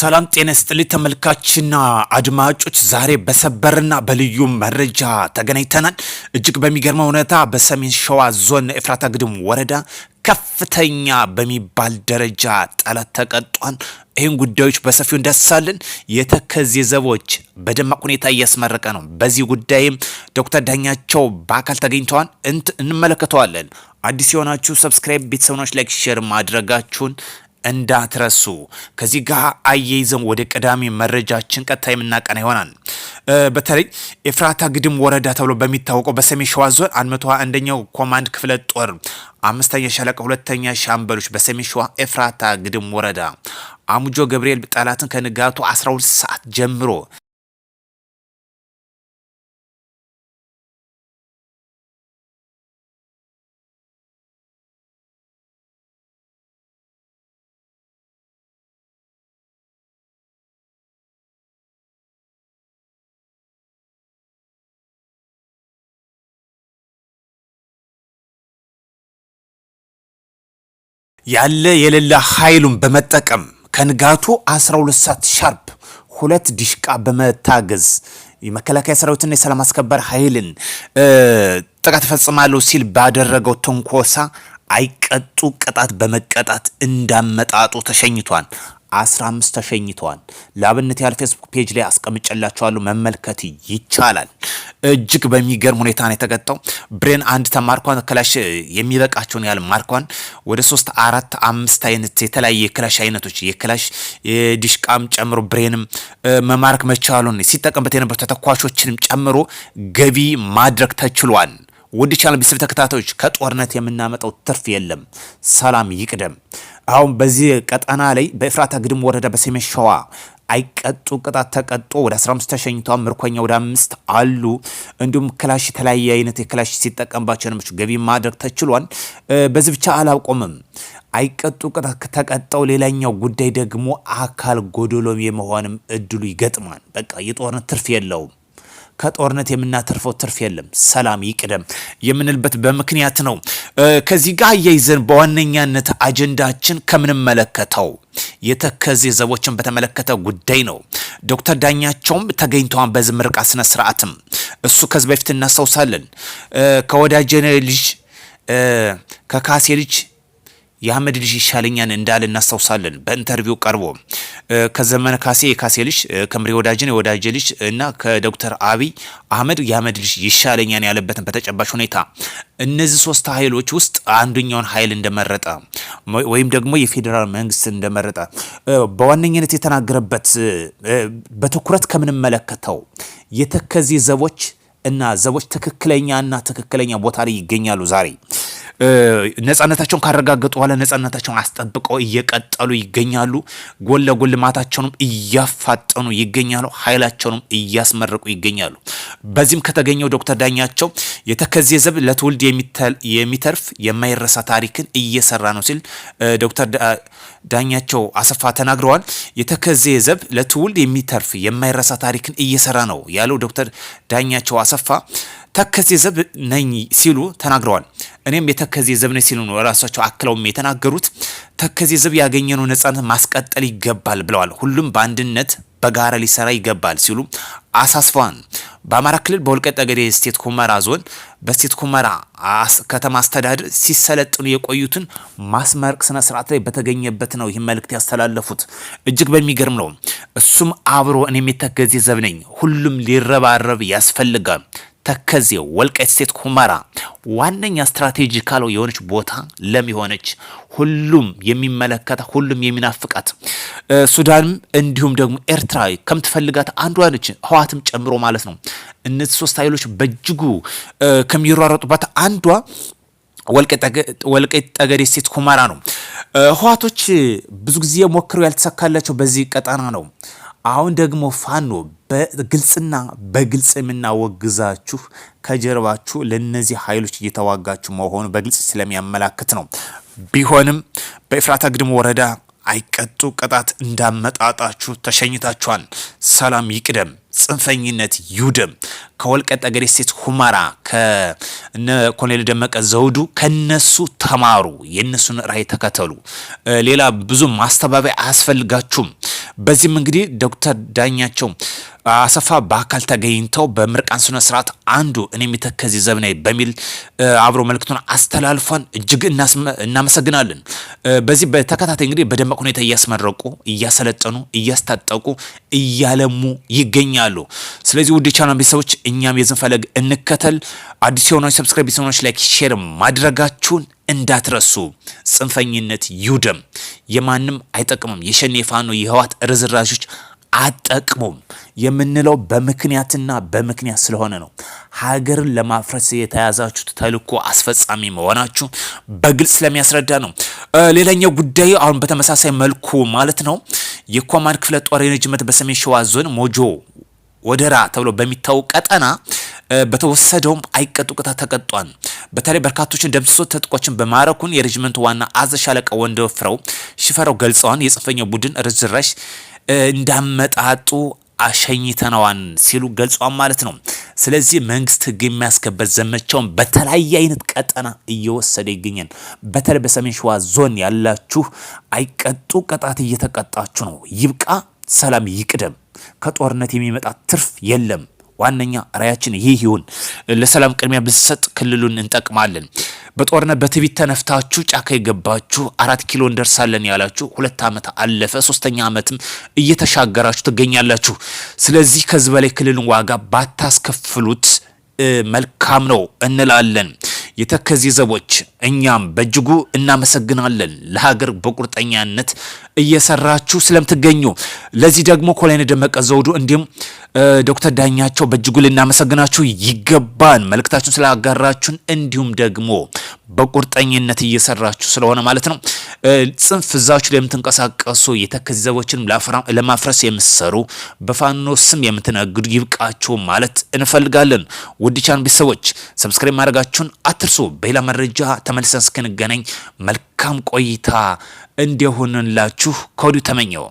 ሰላም ጤና ስጥል ተመልካችና አድማጮች፣ ዛሬ በሰበርና በልዩ መረጃ ተገናኝተናል። እጅግ በሚገርመው ሁኔታ በሰሜን ሸዋ ዞን ኤፍራታ ግድም ወረዳ ከፍተኛ በሚባል ደረጃ ጠላት ተቀጧል። ይህን ጉዳዮች በሰፊው እንዳስሳለን። የተከዜ ዘቦች በደማቅ ሁኔታ እያስመረቀ ነው። በዚህ ጉዳይም ዶክተር ዳኛቸው በአካል ተገኝተዋል። እንት እንመለከተዋለን። አዲስ የሆናችሁ ሰብስክራይብ፣ ቤተሰብናች ላይክ፣ ሼር ማድረጋችሁን እንዳትረሱ። ከዚህ ጋር አያይዘን ወደ ቀዳሚ መረጃችን ቀጥታ የምናቀና ይሆናል። በተለይ ኤፍራታ ግድም ወረዳ ተብሎ በሚታወቀው በሰሜን ሸዋ ዞን መቶ አንደኛው ኮማንድ ክፍለ ጦር አምስተኛ ሻለቃ ሁለተኛ ሻምበሎች በሰሜን ሸዋ ኤፍራታ ግድም ወረዳ አሙጆ ገብርኤል ጠላትን ከንጋቱ 12 ሰዓት ጀምሮ ያለ የሌላ ኃይሉን በመጠቀም ከንጋቱ 12 ሰዓት ሻርፕ ሁለት ዲሽቃ በመታገዝ የመከላከያ ሰራዊትና የሰላም አስከባሪ ኃይልን ጥቃት ፈጽማለሁ ሲል ባደረገው ትንኮሳ አይቀጡ ቅጣት በመቀጣት እንዳመጣጡ ተሸኝቷል። 15 ተሸኝተዋል። ለአብነት ያህል ፌስቡክ ፔጅ ላይ አስቀምጨላቸዋለሁ መመልከት ይቻላል። እጅግ በሚገርም ሁኔታ ነው የተገጠው። ብሬን አንድ ተማርኳን ክላሽ የሚበቃቸውን ያህል ማርኳን ወደ ሶስት አራት አምስት አይነት የተለያየ የክላሽ አይነቶች የክላሽ ዲሽቃም ጨምሮ ብሬንም መማረክ መቻሉን ሲጠቀምበት የነበሩ ተተኳሾችንም ጨምሮ ገቢ ማድረግ ተችሏል። ውድ ቻናል ቤተሰብ ተከታታዮች ከጦርነት የምናመጣው ትርፍ የለም። ሰላም ይቅደም። አሁን በዚህ ቀጠና ላይ በኤፍራታ ግድም ወረዳ በሰሜን ሸዋ አይቀጡ ቅጣት ተቀጦ ወደ 15 ተሸኝቷ ምርኮኛ ወደ አምስት አሉ። እንዲሁም ክላሽ የተለያየ አይነት የክላሽ ሲጠቀምባቸው ነች ገቢ ማድረግ ተችሏል። በዚህ ብቻ አላቆምም። አይቀጡ ቅጣት ተቀጠው ሌላኛው ጉዳይ ደግሞ አካል ጎደሎም የመሆንም እድሉ ይገጥማል። በቃ የጦርነት ትርፍ የለውም። ከጦርነት የምናተርፈው ትርፍ የለም። ሰላም ይቅደም የምንልበት በምክንያት ነው። ከዚህ ጋር አያይዘን በዋነኛነት አጀንዳችን ከምንመለከተው የተከዜ ዘቦችን በተመለከተ ጉዳይ ነው። ዶክተር ዳኛቸውም ተገኝተዋን በዚህ ምርቃ ስነ ስርዓትም እሱ ከዚህ በፊት እናስታውሳለን ከወዳጀነ ልጅ ከካሴ ልጅ የአህመድ ልጅ ይሻለኛን እንዳለ እናስታውሳለን። በኢንተርቪው ቀርቦ ከዘመነ ካሴ የካሴ ልጅ፣ ከምሬ ወዳጅን የወዳጅ ልጅ እና ከዶክተር አብይ አህመድ የአህመድ ልጅ ይሻለኛን ያለበትን በተጨባጭ ሁኔታ እነዚህ ሶስት ኃይሎች ውስጥ አንዱኛውን ኃይል እንደመረጠ ወይም ደግሞ የፌዴራል መንግስት እንደመረጠ በዋነኝነት የተናገረበት በትኩረት ከምንመለከተው የተከዜ ዘቦች እና ዘቦች ትክክለኛና ትክክለኛ ቦታ ላይ ይገኛሉ ዛሬ ነጻነታቸውን ካረጋገጡ በኋላ ነጻነታቸውን አስጠብቀው እየቀጠሉ ይገኛሉ። ጎን ለጎን ልማታቸውንም እያፋጠኑ ይገኛሉ። ኃይላቸውንም እያስመረቁ ይገኛሉ። በዚህም ከተገኘው ዶክተር ዳኛቸው የተከዜ ዘብ ለትውልድ የሚተርፍ የማይረሳ ታሪክን እየሰራ ነው ሲል ዶክተር ዳኛቸው አሰፋ ተናግረዋል። የተከዜ ዘብ ለትውልድ የሚተርፍ የማይረሳ ታሪክን እየሰራ ነው ያለው ዶክተር ዳኛቸው አሰፋ ተከዜ ዘብ ነኝ ሲሉ ተናግረዋል። እኔም የተከዜ ዘብ ነኝ ሲሉ ነው ራሳቸው አክለውም የተናገሩት። ተከዜ ዘብ ያገኘነው ነጻነት ማስቀጠል ይገባል ብለዋል። ሁሉም በአንድነት በጋራ ሊሰራ ይገባል ሲሉ አሳስበዋል። በአማራ ክልል በወልቃይት ጠገዴ ስቴት ሁመራ ዞን በስቴት ሁመራ ከተማ አስተዳደር ሲሰለጥኑ የቆዩትን ማስመረቅ ስነ ስርዓት ላይ በተገኘበት ነው ይህ መልእክት ያስተላለፉት። እጅግ በሚገርም ነው። እሱም አብሮ እኔም የተከዜ ዘብ ነኝ፣ ሁሉም ሊረባረብ ያስፈልጋል ተከዜ፣ ወልቃይት ሴት ሁመራ ዋነኛ ስትራቴጂካል የሆነች ቦታ ለሚሆነች ሁሉም የሚመለከታ ሁሉም የሚናፍቃት ሱዳንም እንዲሁም ደግሞ ኤርትራ ከምትፈልጋት አንዷ ነች፣ ህዋትም ጨምሮ ማለት ነው። እነዚህ ሶስት ኃይሎች በእጅጉ ከሚሯረጡበት አንዷ ወልቃይት ጠገዴ ሴት ሁመራ ነው። ህዋቶች ብዙ ጊዜ ሞክረው ያልተሳካላቸው በዚህ ቀጠና ነው። አሁን ደግሞ ፋኖ በግልጽና በግልጽ የምናወግዛችሁ ከጀርባችሁ ለነዚህ ኃይሎች እየተዋጋችሁ መሆኑ በግልጽ ስለሚያመላክት ነው። ቢሆንም በኤፍራታ ግድም ወረዳ አይቀጡ ቅጣት እንዳመጣጣችሁ ተሸኝታችኋል። ሰላም ይቅደም፣ ጽንፈኝነት ይውደም። ከወልቃይት ጠገዴ ሴት ሁመራ ከነ ኮሎኔል ደመቀ ዘውዱ ከነሱ ተማሩ፣ የነሱን ራዕይ ተከተሉ። ሌላ ብዙ ማስተባበያ አያስፈልጋችሁም። በዚህም እንግዲህ ዶክተር ዳኛቸው አሰፋ በአካል ተገኝተው በምርቃን ስነ ስርዓት አንዱ እኔም የተከዜ ዘብ በሚል አብሮ መልእክቱን አስተላልፏን እጅግ እናመሰግናለን። በዚህ በተከታታይ እንግዲህ በደማቅ ሁኔታ እያስመረቁ እያሰለጠኑ እያስታጠቁ እያለሙ ይገኛሉ። ስለዚህ ውድ የቻናል ቤተሰቦች እኛም የዝን ፈለግ እንከተል። አዲስ የሆናች ሰብስክራይብ የሆናች ላይክ፣ ሼር ማድረጋችሁን እንዳትረሱ። ጽንፈኝነት ይውደም። የማንም አይጠቅምም። የሸኔ ፋኖ የህዋት ርዝራዦች አጠቅሙም። የምንለው በምክንያትና በምክንያት ስለሆነ ነው። ሀገርን ለማፍረስ የተያዛችሁት ተልእኮ አስፈጻሚ መሆናችሁ በግልጽ ስለሚያስረዳ ነው። ሌላኛው ጉዳይ አሁን በተመሳሳይ መልኩ ማለት ነው የኮማንድ ክፍለ ጦር የንጅመት በሰሜን ሸዋ ዞን ሞጆ ወደራ ተብሎ በሚታወቅ ቀጠና በተወሰደውም አይቀጡ ቅጣት ተቀጧል። በተለይ በርካቶችን ደምስሶ ትጥቆችን በማረኩን የሬጅመንቱ ዋና አዛዥ ሻለቃ ወንድ ወፍረው ሽፈራው ገልጸዋል። የጽንፈኛው ቡድን ርዝራሽ እንዳመጣጡ አሸኝተነዋን ሲሉ ገልጿን ማለት ነው። ስለዚህ መንግስት ህግ የሚያስከበር ዘመቻውን በተለያየ አይነት ቀጠና እየወሰደ ይገኛል። በተለይ በሰሜን ሸዋ ዞን ያላችሁ አይቀጡ ቅጣት እየተቀጣችሁ ነው። ይብቃ፣ ሰላም ይቅደም። ከጦርነት የሚመጣ ትርፍ የለም። ዋነኛ ራያችን ይህ ይሁን። ለሰላም ቅድሚያ ብሰጥ ክልሉን እንጠቅማለን። በጦርነት በትቢት ተነፍታችሁ ጫካ የገባችሁ አራት ኪሎ እንደርሳለን ያላችሁ ሁለት ዓመት አለፈ፣ ሶስተኛ ዓመትም እየተሻገራችሁ ትገኛላችሁ። ስለዚህ ከዚህ በላይ ክልል ዋጋ ባታስከፍሉት መልካም ነው እንላለን። የተከዜ ዘቦች እኛም በእጅጉ እናመሰግናለን። ለሀገር በቁርጠኛነት እየሰራችሁ ስለምትገኙ ለዚህ ደግሞ ኮሎኔል ደመቀ ዘውዱ እንዲሁም ዶክተር ዳኛቸው በእጅጉ ልናመሰግናችሁ ይገባን። መልእክታችሁን ስላጋራችሁን እንዲሁም ደግሞ በቁርጠኝነት እየሰራችሁ ስለሆነ ማለት ነው። ጽንፍ እዛችሁ የምትንቀሳቀሱ ዘቦችን ለማፍረስ የምትሰሩ በፋኖ ስም የምትነግዱ ይብቃችሁ ማለት እንፈልጋለን። ውድቻን ቻናል ቤተሰቦች ሰብስክራይብ ማድረጋችሁን አትርሱ። በሌላ መረጃ ተመልሰን እስክንገናኝ መልክ መልካም ቆይታ እንዲሆንላችሁ ከወዲሁ ተመኘው።